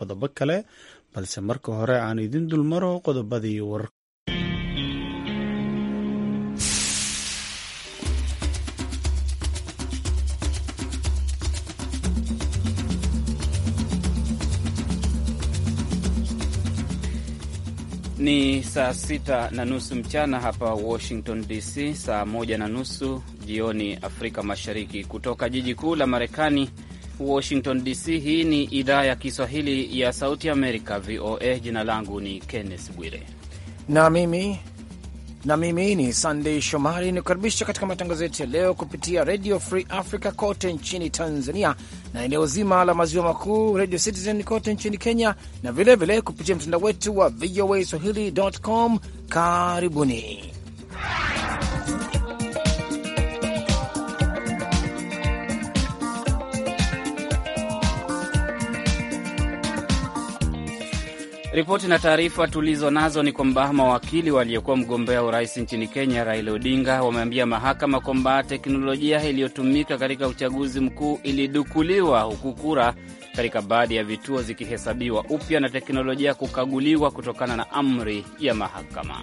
qodobo kale balse marka hore aan idin dulmaro qodobadii war Ni saa sita na nusu mchana hapa Washington DC, saa moja na nusu jioni Afrika Mashariki. Kutoka jiji kuu la Marekani, Washington DC. Hii ni idhaa ya Kiswahili ya Sauti Amerika, VOA. Jina langu ni Kenneth Bwire na mimi na mimi ni Sandei Shomari, nikukaribisha katika matangazo yetu ya leo kupitia Redio Free Africa kote nchini Tanzania na eneo zima la maziwa makuu, Redio Citizen kote nchini Kenya na vilevile vile kupitia mtandao wetu wa VOA swahili.com. Karibuni Ripoti na taarifa tulizo nazo ni kwamba mawakili waliokuwa mgombea urais nchini Kenya Raila Odinga wameambia mahakama kwamba teknolojia iliyotumika katika uchaguzi mkuu ilidukuliwa, huku kura katika baadhi ya vituo zikihesabiwa upya na teknolojia kukaguliwa kutokana na amri ya mahakama.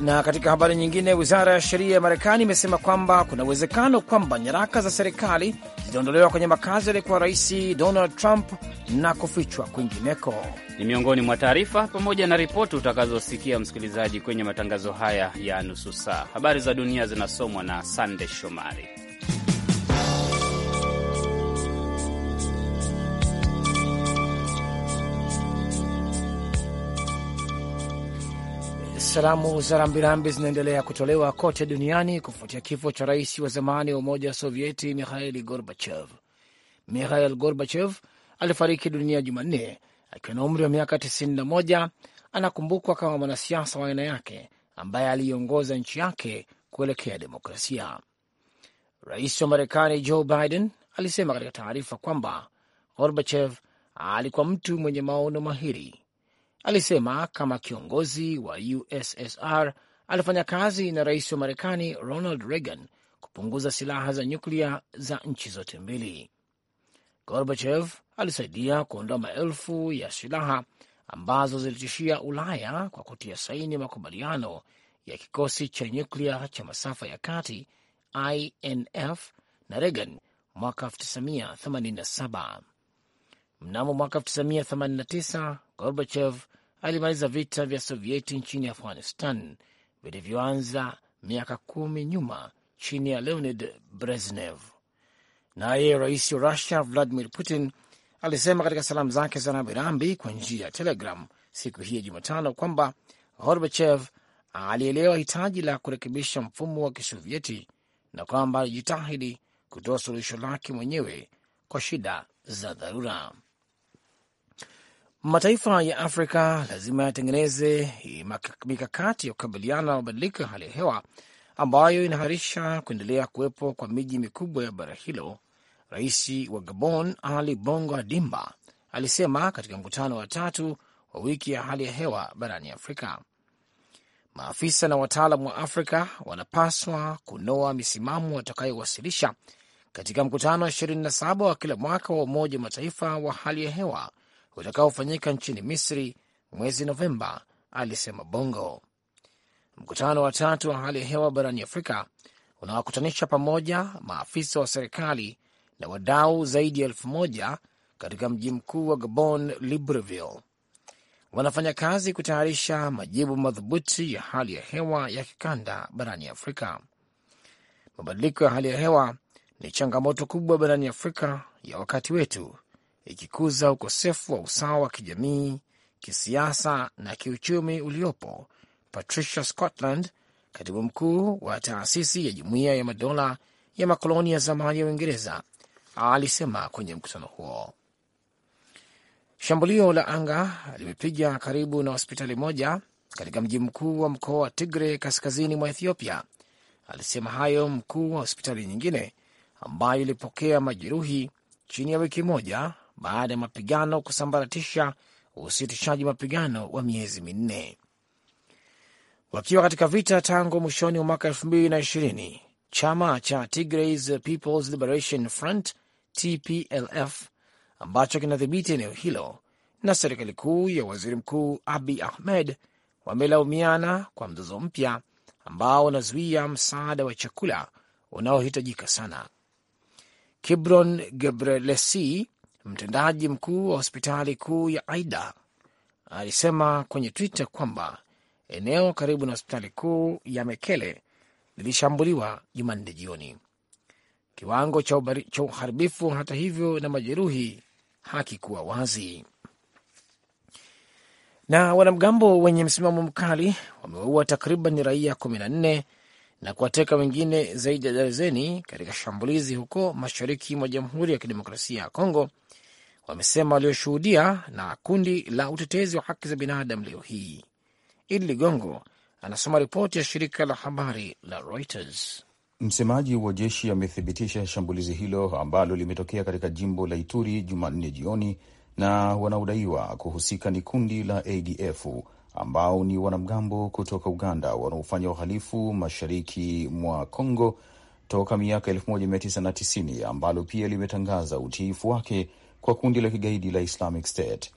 Na katika habari nyingine, wizara ya sheria ya Marekani imesema kwamba kuna uwezekano kwamba nyaraka za serikali ziliondolewa kwenye makazi aliyekuwa Rais Donald Trump na kufichwa kwingineko. Ni miongoni mwa taarifa pamoja na ripoti utakazosikia msikilizaji kwenye matangazo haya ya nusu saa. Habari za dunia zinasomwa na Sande Shomari. Salamu za rambirambi zinaendelea kutolewa kote duniani kufuatia kifo cha rais wa zamani wa Umoja wa Sovieti Mikhail Gorbachev. Mikhail Gorbachev alifariki dunia Jumanne akiwa na umri wa miaka 91. Anakumbukwa kama mwanasiasa wa aina yake ambaye aliiongoza nchi yake kuelekea demokrasia. Rais wa Marekani Joe Biden alisema katika taarifa kwamba Gorbachev alikuwa mtu mwenye maono mahiri Alisema kama kiongozi wa USSR alifanya kazi na rais wa Marekani Ronald Reagan kupunguza silaha za nyuklia za nchi zote mbili. Gorbachev alisaidia kuondoa maelfu ya silaha ambazo zilitishia Ulaya kwa kutia saini makubaliano ya kikosi cha nyuklia cha masafa ya kati INF na Reagan mwaka 1987. Mnamo mwaka 1989 Gorbachev alimaliza vita vya Sovieti nchini Afghanistan vilivyoanza miaka kumi nyuma chini ya Leonid Brezhnev. Naye rais wa Russia Vladimir Putin alisema katika salamu zake za rambirambi kwa njia ya Telegram siku hii ya Jumatano kwamba Gorbachev alielewa hitaji la kurekebisha mfumo wa Kisovieti na kwamba alijitahidi kutoa suluhisho lake mwenyewe kwa shida za dharura. Mataifa ya Afrika lazima yatengeneze mikakati ya kukabiliana na mabadiliko ya hali ya hewa ambayo inaharisha kuendelea kuwepo kwa miji mikubwa ya bara hilo, Rais wa Gabon Ali Bongo adimba alisema katika mkutano wa tatu wa wiki ya hali ya hewa barani Afrika. Maafisa na wataalam wa Afrika wanapaswa kunoa misimamo watakayowasilisha katika mkutano wa 27 wa kila mwaka wa Umoja wa Mataifa wa hali ya hewa utakaofanyika nchini Misri mwezi Novemba, alisema Bongo. Mkutano wa tatu wa hali ya hewa barani Afrika unawakutanisha pamoja maafisa wa serikali na wadau zaidi ya elfu moja katika mji mkuu wa Gabon, Libreville. Wanafanya kazi kutayarisha majibu madhubuti ya hali ya hewa ya kikanda barani Afrika. Mabadiliko ya hali ya hewa ni changamoto kubwa barani Afrika ya wakati wetu, ikikuza ukosefu wa usawa wa kijamii, kisiasa na kiuchumi uliopo. Patricia Scotland, katibu mkuu wa taasisi ya Jumuiya ya Madola ya makoloni ya zamani ya Uingereza, alisema kwenye mkutano huo. Shambulio la anga limepiga karibu na hospitali moja katika mji mkuu wa mkoa wa Tigre kaskazini mwa Ethiopia. Alisema hayo mkuu wa hospitali nyingine ambayo ilipokea majeruhi chini ya wiki moja baada ya mapigano kusambaratisha usitishaji mapigano wa miezi minne. Wakiwa katika vita tangu mwishoni wa mwaka elfu mbili na ishirini, chama cha Tigray People's Liberation Front TPLF ambacho kinadhibiti eneo hilo na serikali kuu ya waziri mkuu Abiy Ahmed wamelaumiana kwa mzozo mpya ambao unazuia msaada wa chakula unaohitajika sana. Kibron Gebrelesi, Mtendaji mkuu wa hospitali kuu ya Aida alisema kwenye Twitter kwamba eneo karibu na hospitali kuu ya Mekele lilishambuliwa Jumanne jioni. Kiwango cha uharibifu hata hivyo na majeruhi hakikuwa wazi. Na wanamgambo wenye msimamo mkali wamewaua takriban raia nne na kuwateka wengine zaidi ya darzeni katika shambulizi huko mashariki mwa Jamhuri ya Kidemokrasia ya Kongo, wamesema walioshuhudia na kundi la utetezi wa haki za binadamu leo hii. Idi Ligongo anasoma ripoti ya shirika la habari la Reuters. Msemaji wa jeshi amethibitisha shambulizi hilo ambalo limetokea katika jimbo la Ituri Jumanne jioni, na wanaodaiwa kuhusika ni kundi la ADF ambao ni wanamgambo kutoka Uganda wanaofanya uhalifu mashariki mwa congo toka miaka 1990 ambalo pia limetangaza utiifu wake kwa kundi la kigaidi la Islamic State.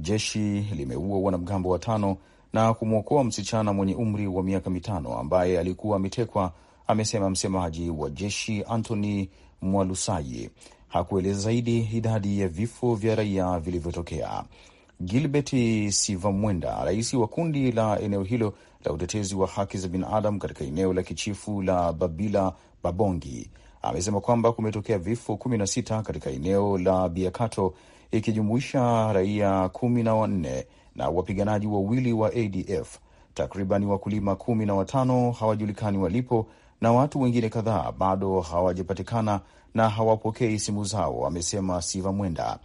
Jeshi limeua wanamgambo watano na kumwokoa msichana mwenye umri wa miaka mitano ambaye alikuwa ametekwa, amesema msemaji wa jeshi Anthony Mwalusayi. Hakueleza zaidi idadi ya vifo vya raia vilivyotokea. Gilbert Sivamwenda, rais wa kundi la eneo hilo la utetezi wa haki za binadamu katika eneo la kichifu la Babila Babongi, amesema kwamba kumetokea vifo kumi na sita katika eneo la Biakato ikijumuisha raia kumi na wanne na wapiganaji wawili wa ADF. Takriban wakulima kumi na watano hawajulikani walipo na watu wengine kadhaa bado hawajapatikana na hawapokei simu zao, amesema Siva Mwenda.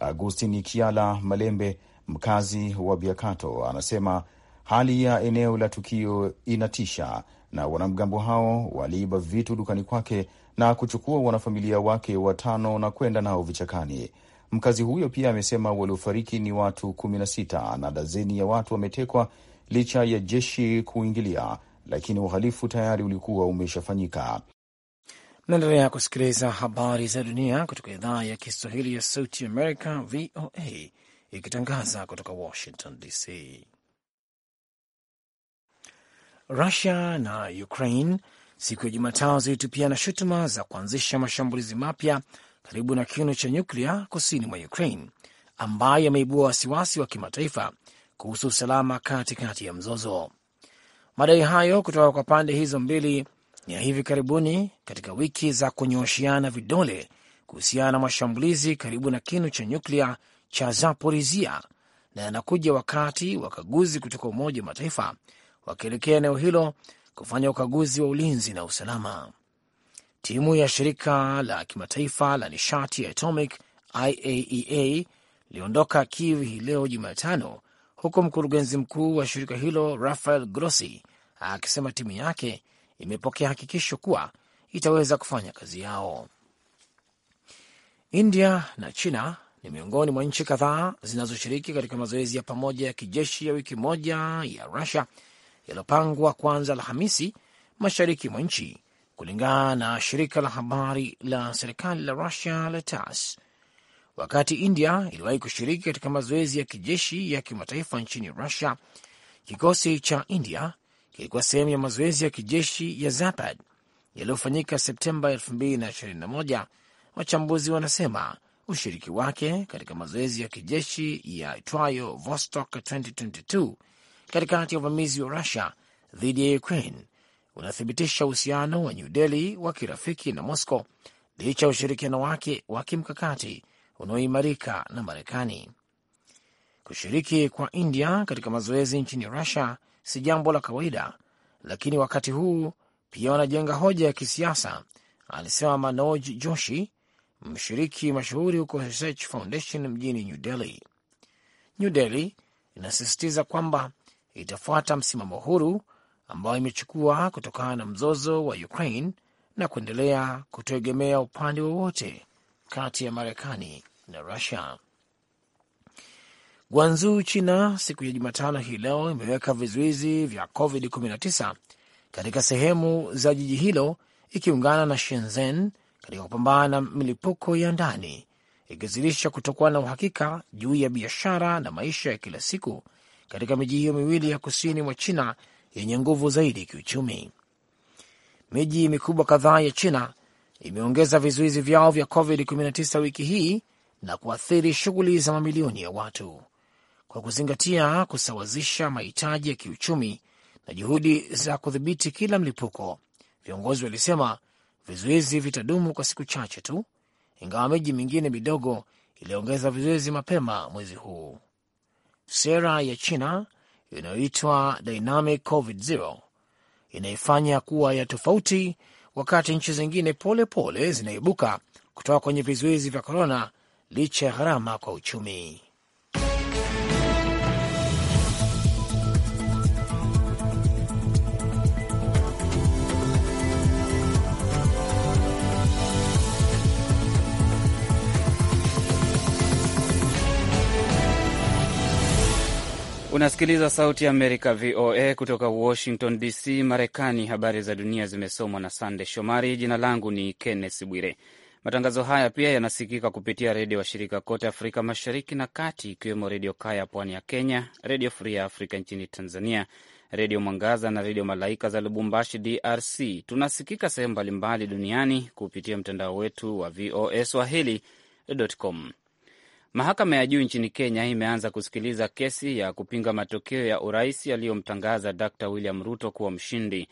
Agustin Kiala Malembe, mkazi wa Biakato, anasema hali ya eneo la tukio inatisha na wanamgambo hao waliiba vitu dukani kwake na kuchukua wanafamilia wake watano na kwenda nao vichakani. Mkazi huyo pia amesema waliofariki ni watu kumi na sita na dazeni ya watu wametekwa licha ya jeshi kuingilia, lakini uhalifu tayari ulikuwa umeshafanyika. Naendelea kusikiliza habari za dunia kutoka idhaa ya Kiswahili ya Sauti Amerika, VOA, ikitangaza kutoka Washington DC. Rusia na Ukraine siku ya Jumatano na shutuma za kuanzisha mashambulizi mapya karibu na kinu cha nyuklia kusini mwa Ukraine, ambayo yameibua wasiwasi wa kimataifa kuhusu usalama katikati ya mzozo. Madai hayo kutoka kwa pande hizo mbili ni ya hivi karibuni katika wiki za kunyooshiana vidole kuhusiana na mashambulizi karibu na kinu cha nyuklia cha Zaporizia na yanakuja wakati wakaguzi kutoka Umoja wa Mataifa wakielekea eneo hilo kufanya ukaguzi wa ulinzi na usalama. Timu ya shirika la kimataifa la nishati ya atomic IAEA e iliondoka Kiev hii leo Jumatano, huku mkurugenzi mkuu wa shirika hilo Rafael Grossi akisema timu yake imepokea hakikisho kuwa itaweza kufanya kazi yao. India na China ni miongoni mwa nchi kadhaa zinazoshiriki katika mazoezi ya pamoja ya kijeshi ya wiki moja ya Rusia yaliyopangwa kuanza Alhamisi mashariki mwa nchi, kulingana na shirika la habari la serikali la Rusia la TASS. Wakati India iliwahi kushiriki katika mazoezi ya kijeshi ya kimataifa nchini Rusia, kikosi cha India kilikuwa sehemu ya mazoezi ya kijeshi ya Zapad yaliyofanyika Septemba 2021. Wachambuzi wanasema ushiriki wake katika mazoezi ya kijeshi ya itwayo Vostok 2022 katikati ya uvamizi wa Rusia dhidi ya Ukraine unathibitisha uhusiano wa New Delhi wa kirafiki na Moscow licha ya ushirikiano wake wa kimkakati unaoimarika na Marekani. Kushiriki kwa India katika mazoezi nchini Rusia si jambo la kawaida, lakini wakati huu pia wanajenga hoja ya kisiasa, alisema Manoj Joshi, mshiriki mashuhuri huko Research Foundation mjini New Delhi. New Delhi inasisitiza kwamba itafuata msimamo huru ambayo imechukua kutokana na mzozo wa Ukraine na kuendelea kutoegemea upande wowote kati ya Marekani na Rusia. Guanzu, China, siku ya Jumatano hii leo imeweka vizuizi vya COVID-19 katika sehemu za jiji hilo ikiungana na Shenzhen katika kupambana na milipuko ya ndani, ikizidisha kutokuwa na uhakika juu ya biashara na maisha ya kila siku katika miji hiyo miwili ya kusini mwa China yenye nguvu zaidi kiuchumi. Miji mikubwa kadhaa ya China imeongeza vizuizi vyao vya COVID-19 wiki hii na kuathiri shughuli za mamilioni ya watu kwa kuzingatia kusawazisha mahitaji ya kiuchumi na juhudi za kudhibiti kila mlipuko. Viongozi walisema vizuizi vitadumu kwa siku chache tu, ingawa miji mingine midogo iliongeza vizuizi mapema mwezi huu. Sera ya China inayoitwa Dynamic COVID Zero inaifanya kuwa ya tofauti, wakati nchi zingine pole pole zinaibuka kutoka kwenye vizuizi vya korona licha ya gharama kwa uchumi. Unasikiliza Sauti ya Amerika, VOA, kutoka Washington DC, Marekani. Habari za dunia zimesomwa na Sande Shomari. Jina langu ni Kenneth Bwire. Matangazo haya pia yanasikika kupitia redio washirika kote Afrika Mashariki na Kati, ikiwemo Redio Kaya pwani ya Kenya, Redio Free ya Afrika nchini Tanzania, Redio Mwangaza na Redio Malaika za Lubumbashi, DRC. Tunasikika sehemu mbalimbali duniani kupitia mtandao wetu wa VOA swahili.com. Mahakama ya juu nchini Kenya imeanza kusikiliza kesi ya kupinga matokeo ya urais yaliyomtangaza Dr William Ruto kuwa mshindi.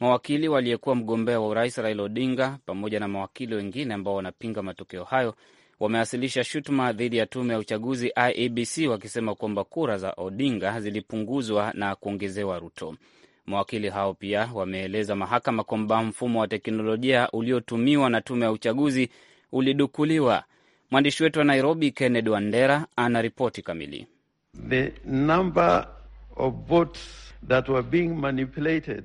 Mawakili waliyekuwa mgombea wa urais Raila Odinga pamoja na mawakili wengine ambao wanapinga matokeo hayo wamewasilisha shutuma dhidi ya tume ya uchaguzi IEBC wakisema kwamba kura za Odinga zilipunguzwa na kuongezewa Ruto. Mawakili hao pia wameeleza mahakama kwamba mfumo wa teknolojia uliotumiwa na tume ya uchaguzi ulidukuliwa. Mwandishi wetu wa Nairobi, Kennedy Wandera, ana ripoti kamili. The number of votes that were being manipulated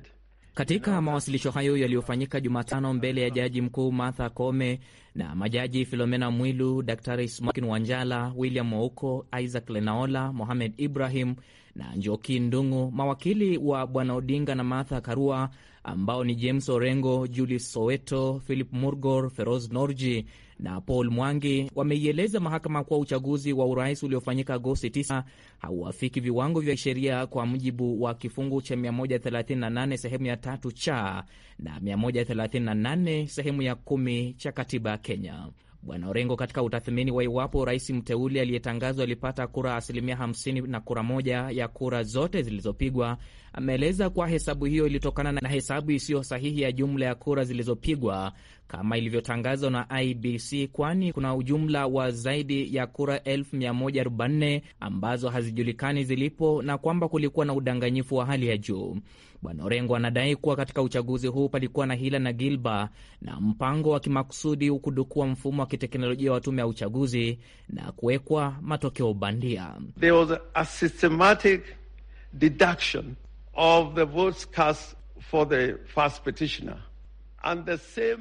katika mawasilisho hayo yaliyofanyika Jumatano mbele ya jaji mkuu Martha Koome, na majaji Filomena Mwilu, Daktari Smokin Wanjala, William Mouko, Isaac Lenaola, Mohamed Ibrahim na Njoki Ndungu, mawakili wa Bwana Odinga na Martha Karua ambao ni James Orengo, Julius Soweto, Philip Murgor, Feroz Norji na Paul Mwangi wameieleza mahakama kuwa uchaguzi wa urais uliofanyika Agosti 9 hauafiki viwango vya sheria kwa mujibu wa kifungu cha 138 sehemu ya tatu cha na 138 sehemu ya kumi cha katiba Kenya. Bwana Orengo, katika utathmini wa iwapo rais mteule aliyetangazwa alipata kura asilimia 50 na kura moja ya kura zote zilizopigwa, ameeleza kuwa hesabu hiyo ilitokana na hesabu isiyo sahihi ya jumla ya kura zilizopigwa kama ilivyotangazwa na IBC, kwani kuna ujumla wa zaidi ya kura 1440 ambazo hazijulikani zilipo na kwamba kulikuwa na udanganyifu wa hali ya juu. Bwana Orengo anadai kuwa katika uchaguzi huu palikuwa na hila na gilba na mpango wa kimakusudi kudukua mfumo wa kiteknolojia wa tume ya uchaguzi na kuwekwa matokeo bandia. There was a systematic deduction of the votes cast for the first petitioner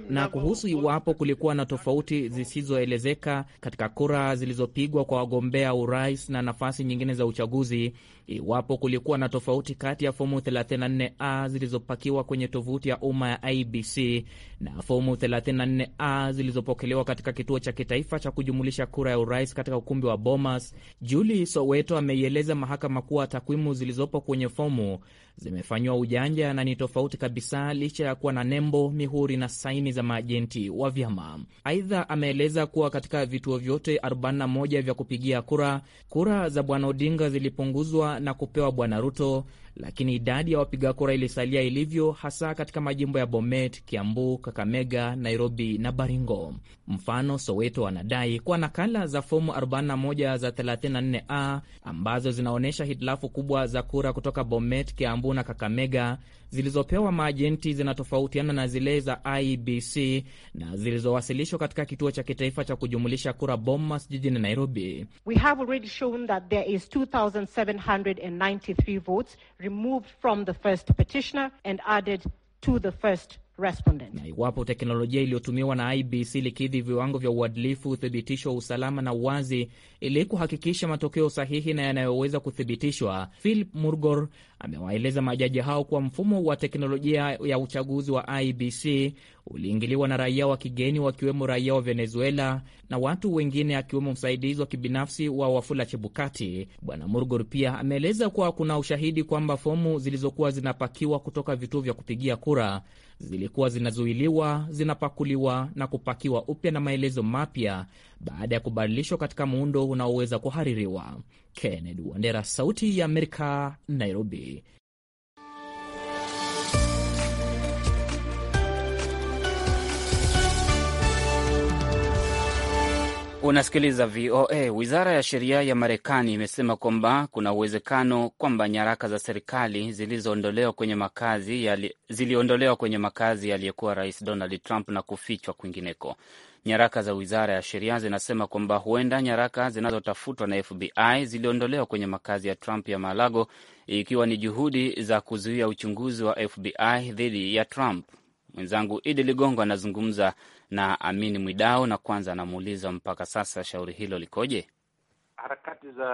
na kuhusu iwapo kulikuwa na tofauti zisizoelezeka katika kura zilizopigwa kwa wagombea urais na nafasi nyingine za uchaguzi, iwapo kulikuwa na tofauti kati ya fomu 34A zilizopakiwa kwenye tovuti ya umma ya IBC na fomu 34A zilizopokelewa katika kituo cha kitaifa cha kujumulisha kura ya urais katika ukumbi wa Bomas. Julie Soweto ameieleza mahakama kuwa takwimu zilizopo kwenye fomu zimefanyiwa ujanja na ni tofauti kabisa, licha ya kuwa na nembo, mihuri na saini za maajenti wa vyama. Aidha, ameeleza kuwa katika vituo vyote 41 vya kupigia kura, kura za Bwana Odinga zilipunguzwa na kupewa Bwana Ruto lakini idadi ya wapiga kura ilisalia ilivyo, hasa katika majimbo ya Bomet, Kiambu, Kakamega, Nairobi na Baringo. Mfano, Soweto wanadai kuwa nakala za fomu 41 za 34A ambazo zinaonyesha hitilafu kubwa za kura kutoka Bomet, Kiambu na Kakamega zilizopewa maajenti zinatofautiana na zile za IBC na zilizowasilishwa katika kituo cha kitaifa cha kujumulisha kura Bomas jijini Nairobi. We have already shown that there is 2793 votes removed from the first petitioner and added to the first respondent. Na iwapo teknolojia iliyotumiwa na IBC likidhi viwango vya uadilifu, uthibitisho wa usalama na uwazi ili kuhakikisha matokeo sahihi na yanayoweza kuthibitishwa, Philip Murgor amewaeleza majaji hao kuwa mfumo wa teknolojia ya uchaguzi wa IBC uliingiliwa na raia wa kigeni wakiwemo raia wa Venezuela na watu wengine akiwemo msaidizi wa kibinafsi wa Wafula Chebukati. Bwana Murgor pia ameeleza kuwa kuna ushahidi kwamba fomu zilizokuwa zinapakiwa kutoka vituo vya kupigia kura zilikuwa zinazuiliwa, zinapakuliwa na kupakiwa upya na maelezo mapya baada ya kubadilishwa katika muundo unaoweza kuhaririwa. Kennedy Wandera, Sauti ya Amerika, Nairobi. Unasikiliza VOA. Wizara ya sheria ya Marekani imesema kwamba kuna uwezekano kwamba nyaraka za serikali ziliondolewa kwenye makazi yaliyekuwa rais Donald Trump na kufichwa kwingineko. Nyaraka za wizara ya sheria zinasema kwamba huenda nyaraka zinazotafutwa na FBI ziliondolewa kwenye makazi ya Trump ya Malago, ikiwa ni juhudi za kuzuia uchunguzi wa FBI dhidi ya Trump. Mwenzangu Idi Ligongo anazungumza na Amini Mwidao na kwanza anamuuliza mpaka sasa shauri hilo likoje? harakati za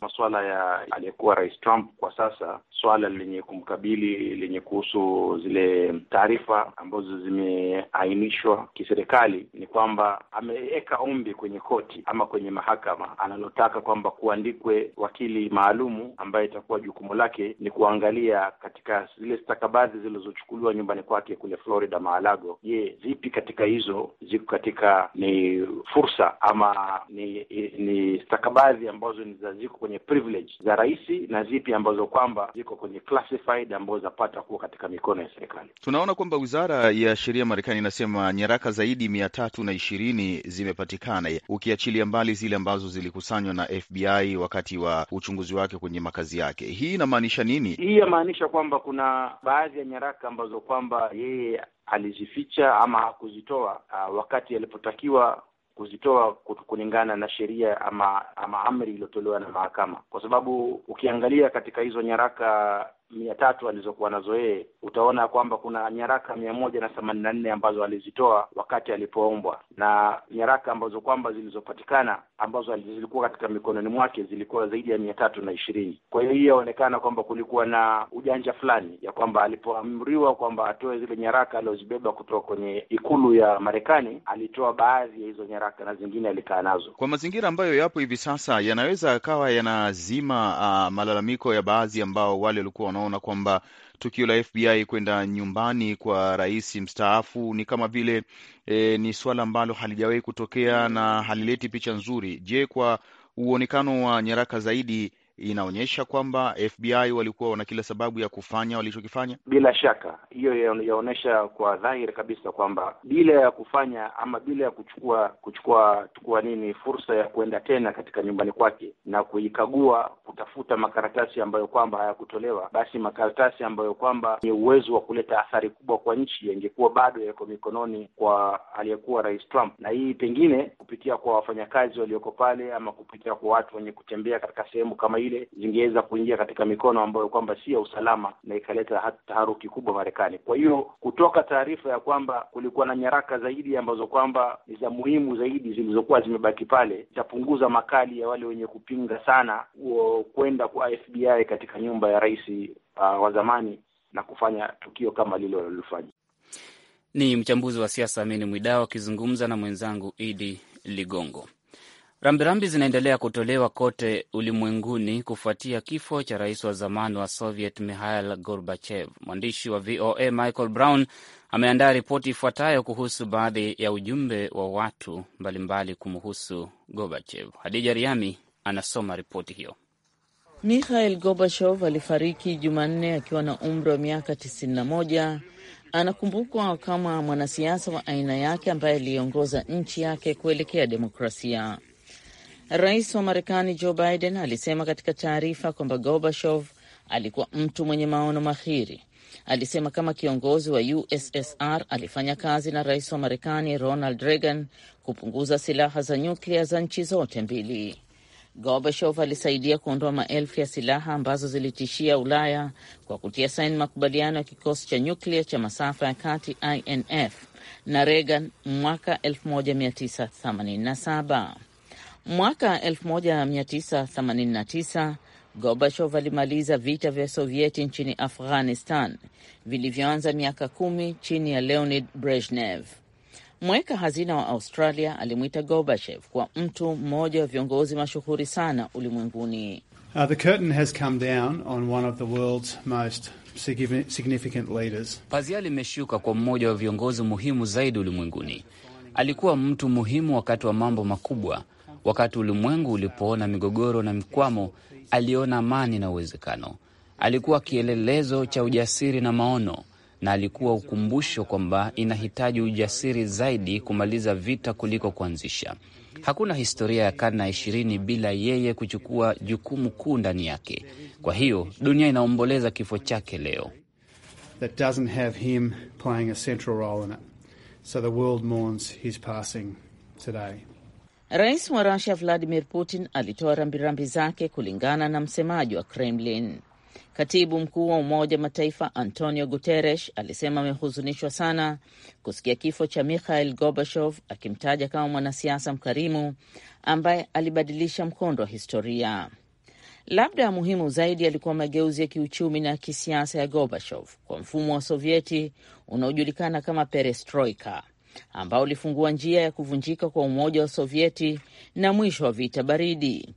masuala ya aliyekuwa rais Trump kwa sasa, swala lenye kumkabili lenye kuhusu zile taarifa ambazo zimeainishwa kiserikali ni kwamba ameweka ombi kwenye koti ama kwenye mahakama analotaka kwamba kuandikwe wakili maalumu ambaye itakuwa jukumu lake ni kuangalia katika zile stakabadhi zilizochukuliwa nyumbani kwake kule Florida Maalago. Je, zipi katika hizo ziko katika ni fursa ama ni, ni ni stakabadhi ambazo ni za ziko kwenye privilege za rais na zipi ambazo kwamba ziko kwenye classified ambazo zapata kuwa katika mikono ya serikali. Tunaona kwamba wizara ya sheria Marekani inasema nyaraka zaidi mia tatu na ishirini zimepatikana, ukiachilia mbali zile ambazo zilikusanywa na FBI wakati wa uchunguzi wake kwenye makazi yake. Hii inamaanisha nini? Hii inamaanisha kwamba kuna baadhi ya nyaraka ambazo kwamba yeye alizificha ama hakuzitoa uh, wakati alipotakiwa kuzitoa kulingana na sheria ama ama amri iliyotolewa na mahakama, kwa sababu ukiangalia katika hizo nyaraka mia tatu alizokuwa nazo yeye, utaona kwamba kuna nyaraka mia moja na themanini na nne ambazo alizitoa wakati alipoombwa, na nyaraka ambazo kwamba zilizopatikana ambazo zilikuwa katika mikononi mwake zilikuwa zaidi ya mia tatu na ishirini. Kwa hiyo hii yaonekana kwamba kulikuwa na ujanja fulani ya kwamba alipoamriwa kwamba atoe zile nyaraka alizobeba kutoka kwenye ikulu ya Marekani, alitoa baadhi ya hizo nyaraka na zingine alikaa nazo. Kwa mazingira ambayo yapo hivi sasa, yanaweza yakawa yanazima uh, malalamiko ya baadhi ambao wale walikuwa wanaona kwamba tukio la FBI kwenda nyumbani kwa rais mstaafu ni kama vile e, ni suala ambalo halijawahi kutokea na halileti picha nzuri. Je, kwa uonekano wa nyaraka zaidi inaonyesha kwamba FBI walikuwa wana kila sababu ya kufanya walichokifanya? Bila shaka hiyo yaonyesha kwa dhahiri kabisa kwamba bila ya kufanya ama bila ya kuchukua kuchukua tukua nini fursa ya kuenda tena katika nyumbani kwake na kuikagua, kutafuta makaratasi ambayo kwamba hayakutolewa, basi makaratasi ambayo kwamba ni uwezo wa kuleta athari kubwa kwa nchi yangekuwa bado yako mikononi kwa aliyekuwa Rais Trump, na hii pengine kupitia kwa wafanyakazi walioko pale ama kupitia kwa watu wenye kutembea katika sehemu kama ile zingeweza kuingia katika mikono ambayo kwamba si ya usalama na ikaleta taharuki kubwa Marekani. Kwa hiyo kutoka taarifa ya kwamba kulikuwa na nyaraka zaidi ambazo kwamba ni za muhimu zaidi zilizokuwa zimebaki pale, itapunguza makali ya wale wenye kupinga sana kwenda kwa FBI katika nyumba ya rais uh, wa zamani na kufanya tukio kama lile walilofanya. Ni mchambuzi wa siasa Amini Mwidao akizungumza na mwenzangu Idi Ligongo. Rambirambi zinaendelea kutolewa kote ulimwenguni kufuatia kifo cha rais wa zamani wa Soviet Mikhail Gorbachev. Mwandishi wa VOA Michael Brown ameandaa ripoti ifuatayo kuhusu baadhi ya ujumbe wa watu mbalimbali kumhusu Gorbachev. Hadija Riami anasoma ripoti hiyo. Mikhail Gorbachev alifariki Jumanne akiwa na umri wa miaka 91. Anakumbukwa kama mwanasiasa wa aina yake ambaye aliongoza nchi yake kuelekea demokrasia. Rais wa Marekani Joe Biden alisema katika taarifa kwamba Gorbachev alikuwa mtu mwenye maono mahiri. Alisema kama kiongozi wa USSR alifanya kazi na rais wa Marekani Ronald Reagan kupunguza silaha za nyuklia za nchi zote mbili. Gorbachev alisaidia kuondoa maelfu ya silaha ambazo zilitishia Ulaya kwa kutia saini makubaliano ya kikosi cha nyuklia cha masafa ya kati INF na Reagan mwaka 1987. Mwaka 1989 Gorbachev alimaliza vita vya Sovieti nchini Afghanistan vilivyoanza miaka kumi chini ya Leonid Brezhnev. Mweka hazina wa Australia alimwita Gorbachev kwa mtu mmoja wa viongozi mashuhuri sana ulimwenguni. Uh, the curtain has come down on one of the world's most significant leaders. Pazia limeshuka kwa mmoja wa viongozi muhimu zaidi ulimwenguni. Alikuwa mtu muhimu wakati wa mambo makubwa Wakati ulimwengu ulipoona migogoro na mikwamo, aliona amani na uwezekano. Alikuwa kielelezo cha ujasiri na maono, na alikuwa ukumbusho kwamba inahitaji ujasiri zaidi kumaliza vita kuliko kuanzisha. Hakuna historia ya karne ya ishirini bila yeye kuchukua jukumu kuu ndani yake. Kwa hiyo dunia inaomboleza kifo chake leo. So the world mourns his passing today. Rais wa Rusia Vladimir Putin alitoa rambirambi zake, kulingana na msemaji wa Kremlin. Katibu mkuu wa Umoja Mataifa Antonio Guterres alisema amehuzunishwa sana kusikia kifo cha Mikhail Gorbachev, akimtaja kama mwanasiasa mkarimu ambaye alibadilisha mkondo wa historia. Labda muhimu zaidi alikuwa mageuzi ya kiuchumi na kisiasa ya Gorbachev kwa mfumo wa Sovieti unaojulikana kama perestroika ambao ulifungua njia ya kuvunjika kwa Umoja wa Sovieti na mwisho wa vita baridi.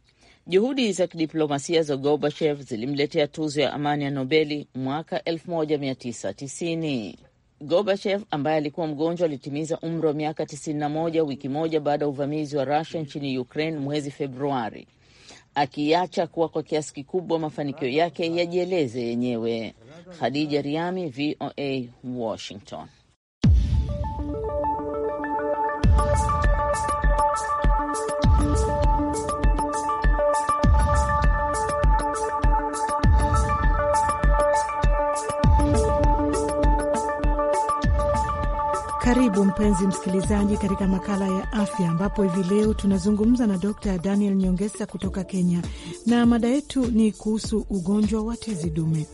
Juhudi za kidiplomasia za Gorbachev zilimletea tuzo ya amani ya Nobeli mwaka 1990. Gorbachev ambaye alikuwa mgonjwa alitimiza umri wa miaka 91 wiki moja baada ya uvamizi wa Rusia nchini Ukraine mwezi Februari, akiacha kuwa kwa kiasi kikubwa mafanikio yake yajieleze yenyewe. Khadija Riami, VOA, Washington. Karibu mpenzi msikilizaji, katika makala ya afya, ambapo hivi leo tunazungumza na Dr Daniel Nyongesa kutoka Kenya, na mada yetu ni kuhusu ugonjwa wa tezi dume.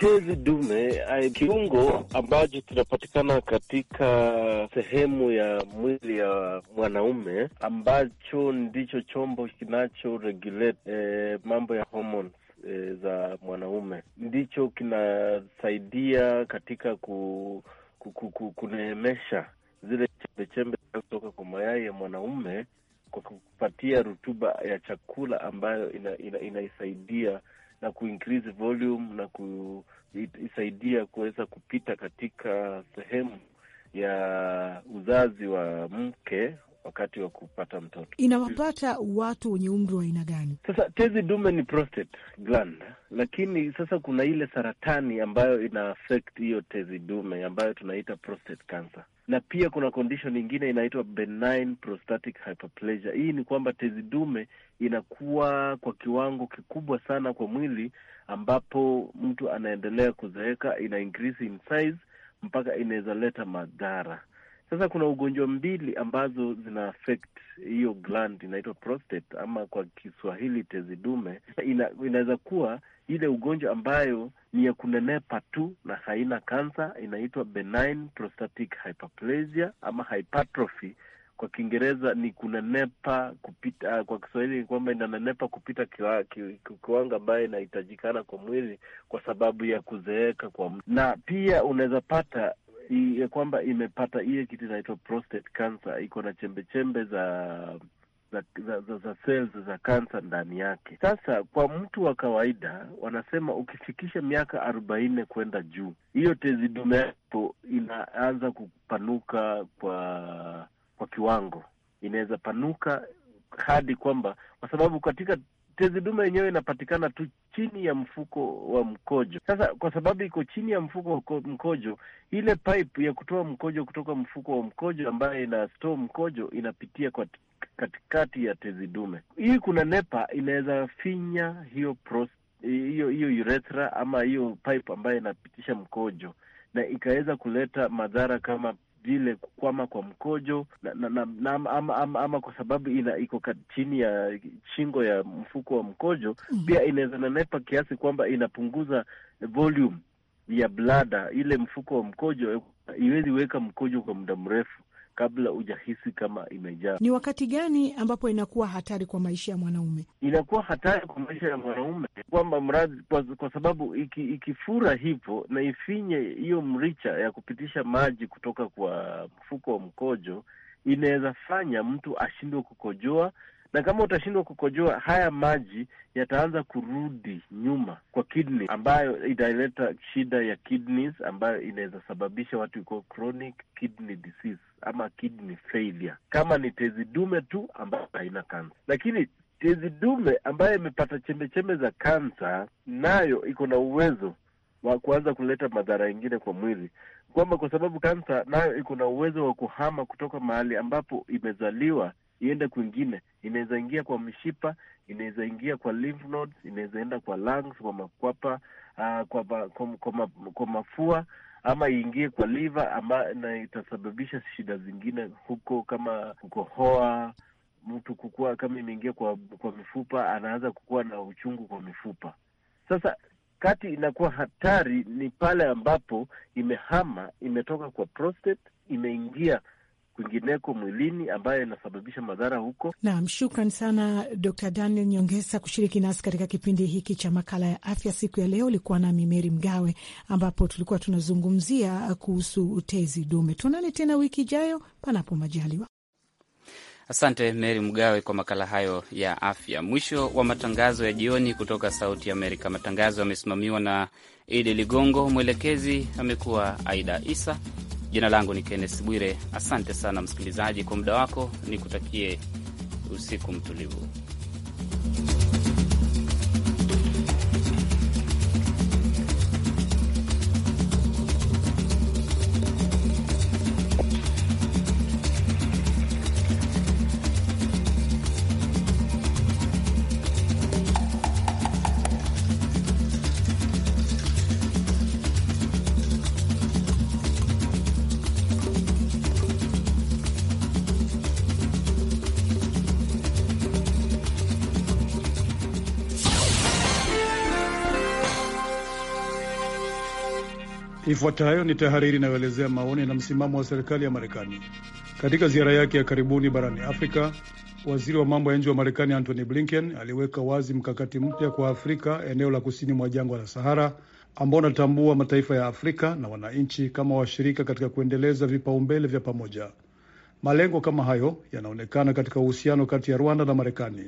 Tezi dume eh, kiungo ambacho kinapatikana katika sehemu ya mwili ya mwanaume ambacho ndicho chombo kinacho regulate eh, mambo ya hormones e, za mwanaume ndicho kinasaidia katika ku, ku, ku, ku, kuneemesha zile chembechembe zinazotoka kwa mayai ya mwanaume kwa kupatia rutuba ya chakula ambayo inaisaidia ina, ina na kuincrease volume na kuisaidia kuweza kupita katika sehemu ya uzazi wa mke wakati wa kupata mtoto. Inawapata watu wenye umri wa aina gani? Sasa tezi dume ni prostate gland, lakini sasa kuna ile saratani ambayo ina affect hiyo tezi dume ambayo tunaita prostate cancer na pia kuna condition ingine inaitwa benign prostatic hyperplasia. Hii ni kwamba tezi dume inakuwa kwa kiwango kikubwa sana kwa mwili, ambapo mtu anaendelea kuzeeka, ina increase in size mpaka inaweza leta madhara. Sasa kuna ugonjwa mbili ambazo zina affect hiyo gland inaitwa prostate, ama kwa Kiswahili tezi dume. Ina, inaweza kuwa ile ugonjwa ambayo ni ya kunenepa tu na haina kansa, inaitwa benign prostatic hyperplasia ama hypertrophy kwa Kiingereza ni kunenepa kupita, kwa Kiswahili ni kwamba inanenepa kupita kiwanga kiwango ambayo inahitajikana kwa mwili kwa sababu ya kuzeeka kwa mtu. Na pia unaweza pata ya kwamba imepata hiye kitu inaitwa prostate cancer, iko na chembechembe za za, za, za, za cells za kansa ndani yake. Sasa kwa mtu wa kawaida wanasema ukifikisha miaka arobaini kwenda juu, hiyo tezi dume yako inaanza kupanuka kwa kwa kiwango, inaweza panuka hadi kwamba, kwa sababu katika tezi dume yenyewe inapatikana tu chini ya mfuko wa mkojo. Sasa kwa sababu iko chini ya mfuko wa mkojo, ile pipe ya kutoa mkojo kutoka mfuko wa mkojo ambayo ina store mkojo inapitia kwa katikati ya tezi dume. Hii kuna nepa inaweza finya hiyo pros, hiyo hiyo urethra ama hiyo pipe ambayo inapitisha mkojo na ikaweza kuleta madhara kama vile kukwama kwa mkojo na, na, na, na, ama, ama, ama kwa sababu ina iko chini ya shingo ya mfuko wa mkojo mm. Pia inaweza nanepa kiasi kwamba inapunguza volume ya blada, ile mfuko wa mkojo iwezi weka mkojo kwa muda mrefu kabla hujahisi kama imejaa. Ni wakati gani ambapo inakuwa hatari kwa maisha ya mwanaume? Inakuwa hatari kwa maisha ya mwanaume kwamba mradi kwa, kwa sababu iki, ikifura hivyo na ifinye hiyo mricha ya kupitisha maji kutoka kwa mfuko wa mkojo, inaweza fanya mtu ashindwe kukojoa na kama utashindwa kukojoa, haya maji yataanza kurudi nyuma kwa kidney, ambayo italeta shida ya kidneys, ambayo inaweza sababisha watu iko chronic kidney disease ama kidney failure, kama ni tezi dume tu ambayo haina kansa. Lakini tezi dume ambayo imepata chembechembe za kansa, nayo iko na uwezo wa kuanza kuleta madhara yengine kwa mwili, kwamba kwa sababu kansa nayo iko na uwezo wa kuhama kutoka mahali ambapo imezaliwa iende kwingine. Inaweza ingia kwa mishipa, inaweza ingia kwa lymph nodes, inaweza enda kwa lungs, kwa makwapa, uh, kwa, kwa, kwa, kwa, kwa mafua ama iingie kwa liva ama, na itasababisha shida zingine huko kama kukohoa, mtu kukua, kama imeingia kwa kwa mifupa, anaanza kukua na uchungu kwa mifupa. Sasa kati inakuwa hatari ni pale ambapo imehama, imetoka kwa prostate, imeingia kwingineko mwilini ambayo inasababisha madhara huko. Naam, shukran sana Dr. Daniel Nyongesa kushiriki nasi katika kipindi hiki cha makala ya afya siku ya leo. Ulikuwa nami Meri Mgawe, ambapo tulikuwa tunazungumzia kuhusu utezi dume. Tuonane tena wiki ijayo, panapo majaliwa. Asante Meri Mgawe kwa makala hayo ya afya. Mwisho wa matangazo ya jioni kutoka Sauti Amerika. Matangazo yamesimamiwa na Idi Ligongo, mwelekezi amekuwa Aida Isa. Jina langu ni Kennes Bwire. Asante sana msikilizaji kwa muda wako, nikutakie usiku mtulivu. Ifuatayo ni tahariri inayoelezea maoni na msimamo wa serikali ya Marekani. Katika ziara yake ya karibuni barani Afrika, waziri wa mambo ya nje wa Marekani Antony Blinken aliweka wazi mkakati mpya kwa Afrika, eneo la kusini mwa jangwa la Sahara, ambao unatambua mataifa ya Afrika na wananchi kama washirika katika kuendeleza vipaumbele vya pamoja. Malengo kama hayo yanaonekana katika uhusiano kati ya Rwanda na Marekani.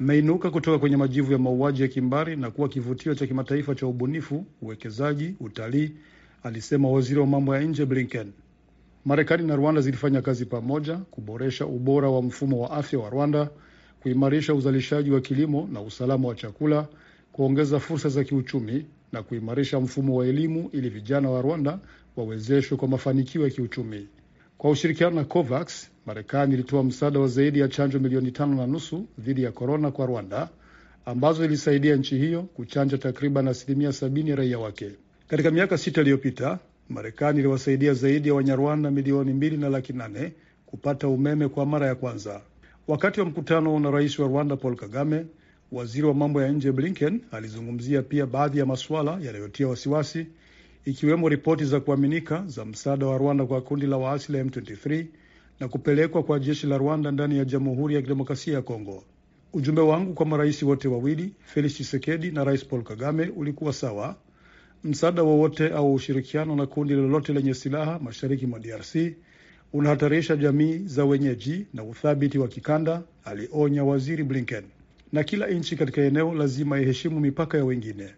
Mmeinuka kutoka kwenye majivu ya mauaji ya kimbari na kuwa kivutio cha kimataifa cha ubunifu, uwekezaji, utalii alisema waziri wa mambo ya nje Blinken. Marekani na Rwanda zilifanya kazi pamoja kuboresha ubora wa mfumo wa afya wa Rwanda, kuimarisha uzalishaji wa kilimo na usalama wa chakula, kuongeza fursa za kiuchumi na kuimarisha mfumo wa elimu ili vijana wa Rwanda wawezeshwe kwa mafanikio ya kiuchumi. Kwa ushirikiano na COVAX, Marekani ilitoa msaada wa zaidi ya chanjo milioni tano na nusu dhidi ya korona kwa Rwanda, ambazo ilisaidia nchi hiyo kuchanja takriban asilimia sabini ya raia wake. Katika miaka sita iliyopita, Marekani iliwasaidia zaidi ya Wanyarwanda milioni mbili na laki nane kupata umeme kwa mara ya kwanza. Wakati wa mkutano na rais wa Rwanda Paul Kagame, waziri wa mambo ya nje Blinken alizungumzia pia baadhi ya masuala yanayotia wasiwasi, ikiwemo ripoti za kuaminika za msaada wa Rwanda kwa kundi la waasi la M23 na kupelekwa kwa jeshi la Rwanda ndani ya Jamhuri ya Kidemokrasia ya Kongo. Ujumbe wangu kwa marais wote wawili, Felix Tshisekedi na rais Paul Kagame, ulikuwa sawa Msaada wowote au ushirikiano na kundi lolote lenye silaha mashariki mwa DRC unahatarisha jamii za wenyeji na uthabiti wa kikanda, alionya Waziri Blinken, na kila nchi katika eneo lazima iheshimu mipaka ya wengine.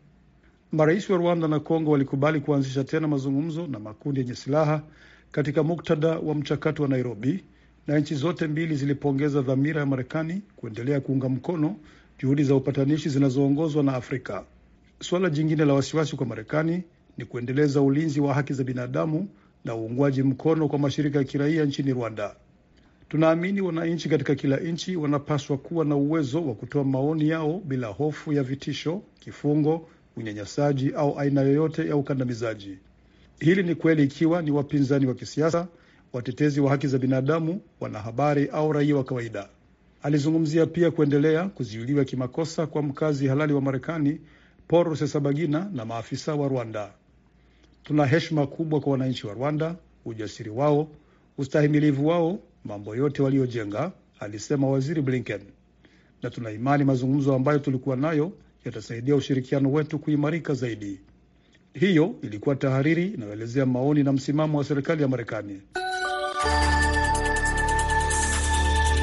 Marais wa Rwanda na Kongo walikubali kuanzisha tena mazungumzo na makundi yenye silaha katika muktadha wa mchakato wa Nairobi, na nchi zote mbili zilipongeza dhamira ya Marekani kuendelea kuunga mkono juhudi za upatanishi zinazoongozwa na Afrika. Suala jingine la wasiwasi kwa Marekani ni kuendeleza ulinzi wa haki za binadamu na uungwaji mkono kwa mashirika ya kiraia nchini Rwanda. Tunaamini wananchi katika kila nchi wanapaswa kuwa na uwezo wa kutoa maoni yao bila hofu ya vitisho, kifungo, unyanyasaji au aina yoyote ya ukandamizaji. Hili ni kweli ikiwa ni wapinzani wa kisiasa, watetezi wa haki za binadamu, wanahabari au raia wa kawaida. Alizungumzia pia kuendelea kuzuiliwa kimakosa kwa mkazi halali wa Marekani Paul Rusesabagina na maafisa wa Rwanda. Tuna heshima kubwa kwa wananchi wa Rwanda, ujasiri wao, ustahimilivu wao, mambo yote waliojenga, alisema Waziri Blinken, na tuna imani mazungumzo ambayo tulikuwa nayo yatasaidia ushirikiano wetu kuimarika zaidi. Hiyo ilikuwa tahariri inayoelezea maoni na msimamo wa serikali ya Marekani.